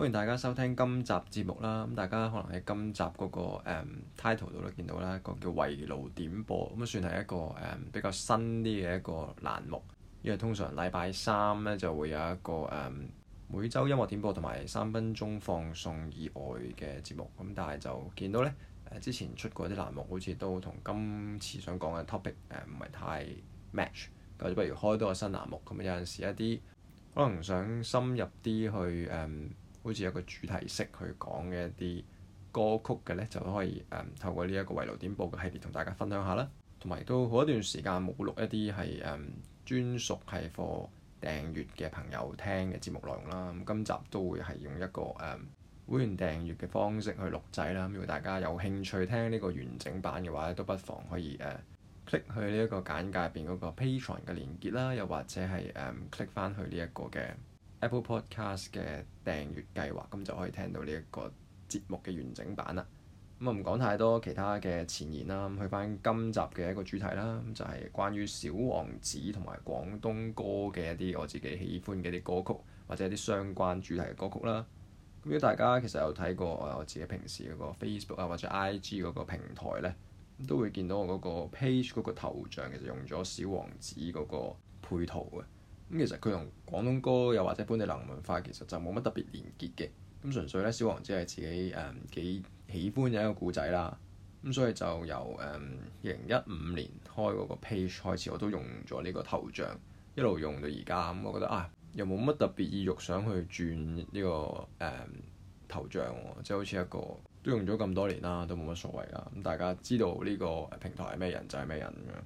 歡迎大家收聽今集節目啦。咁大家可能喺今集嗰、那個、um, title 度都見到啦，個叫《圍爐點播》咁算係一個誒、um, 比較新啲嘅一個欄目，因為通常禮拜三呢，就會有一個誒、um, 每周音樂點播同埋三分鐘放送以外嘅節目。咁但係就見到呢，之前出過啲欄目好似都同今次想講嘅 topic 誒、嗯、唔係太 match，咁不如開多個新欄目咁，有陣時一啲可能想深入啲去誒。Um, 好似有個主題式去講嘅一啲歌曲嘅呢，就可以誒、嗯、透過呢、這、一個圍爐點播嘅系列同大家分享下啦。同埋都好一段時間冇錄一啲係誒專屬係課訂閲嘅朋友聽嘅節目內容啦。咁今集都會係用一個誒、嗯、會員訂閲嘅方式去錄製啦。如果大家有興趣聽呢個完整版嘅話咧，都不妨可以誒 click、嗯、去呢一個簡介入邊嗰個 Patreon 嘅連結啦，又或者係誒 click 翻去呢、這、一個嘅。Apple Podcast 嘅訂閱計劃，咁就可以聽到呢一個節目嘅完整版啦。咁啊，唔講太多其他嘅前言啦，去返今集嘅一個主題啦，咁就係關於小王子同埋廣東歌嘅一啲我自己喜歡嘅啲歌曲，或者一啲相關主題嘅歌曲啦。咁如果大家其實有睇過我自己平時嗰個 Facebook 啊或者 IG 嗰個平台咧，都會見到我嗰個 page 嗰個頭像其實用咗小王子嗰個配圖嘅。咁其實佢同廣東歌又或者本地流行文化其實就冇乜特別連結嘅，咁純粹咧小王子係自己誒幾、嗯、喜歡嘅一個古仔啦，咁所以就由誒二零一五年開嗰個 page 開始，我都用咗呢個頭像，一路用到而家，咁我覺得啊又冇乜特別意欲想去轉呢、這個誒、嗯、頭像喎、哦，即、就、係、是、好似一個都用咗咁多年啦，都冇乜所謂啦，咁大家知道呢個平台係咩人就係、是、咩人咁樣。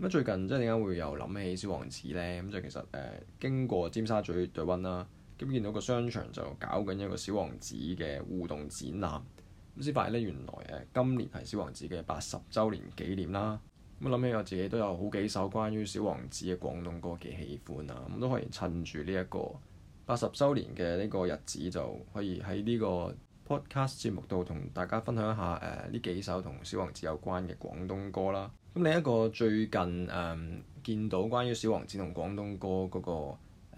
咁最近即係點解會又諗起小王子咧？咁就其實誒、呃，經過尖沙咀 The One 啦，咁見到個商場就搞緊一個小王子嘅互動展覽。咁先發現咧，原來誒今年係小王子嘅八十週年紀念啦。咁諗起我自己都有好幾首關於小王子嘅廣東歌嘅喜歡啊，咁都可以趁住呢一個八十週年嘅呢個日子就可以喺呢、呢個 Podcast 節目度同大家分享一下誒呢、呃、幾首同小王子有關嘅廣東歌啦。咁另一個最近誒、呃、見到關於小王子同廣東歌嗰、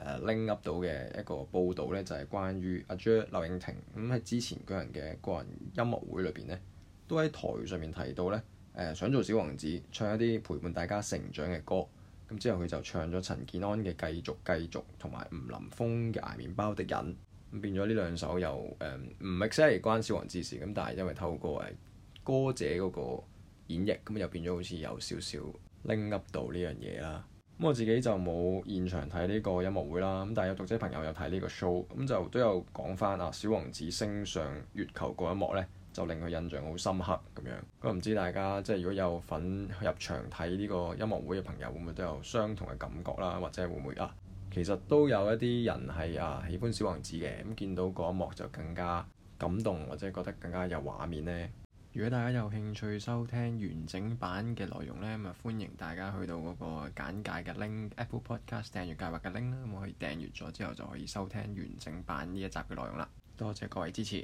那個誒 link up、呃、到嘅一個報導呢，就係、是、關於阿 Joe 劉穎婷咁喺之前個人嘅個人音樂會裏邊呢，都喺台上面提到呢，誒、呃、想做小王子，唱一啲陪伴大家成長嘅歌。咁之後佢就唱咗陳建安嘅《繼續繼續》同埋吳林峰嘅《捱麵包的人》。變咗呢兩首又誒唔 exactly 關小王子事，咁但係因為透過誒歌者嗰個演繹，咁又變咗好似有少少拎 Up 到呢樣嘢啦。咁、嗯、我自己就冇現場睇呢個音樂會啦，咁但係有讀者朋友有睇呢個 show，咁、嗯、就都有講翻啊，小王子升上月球嗰一幕呢，就令佢印象好深刻咁樣。咁、嗯、唔知大家即係如果有份入場睇呢個音樂會嘅朋友，會唔會都有相同嘅感覺啦，或者會唔會啊？其實都有一啲人係啊喜歡小王子嘅，咁見到嗰一幕就更加感動，或者覺得更加有畫面呢。如果大家有興趣收聽完整版嘅內容呢，咁啊歡迎大家去到嗰個簡介嘅 link，Apple Podcast 訂閱計劃嘅 link 啦，咁我可以訂閱咗之後就可以收聽完整版呢一集嘅內容啦。多謝各位支持。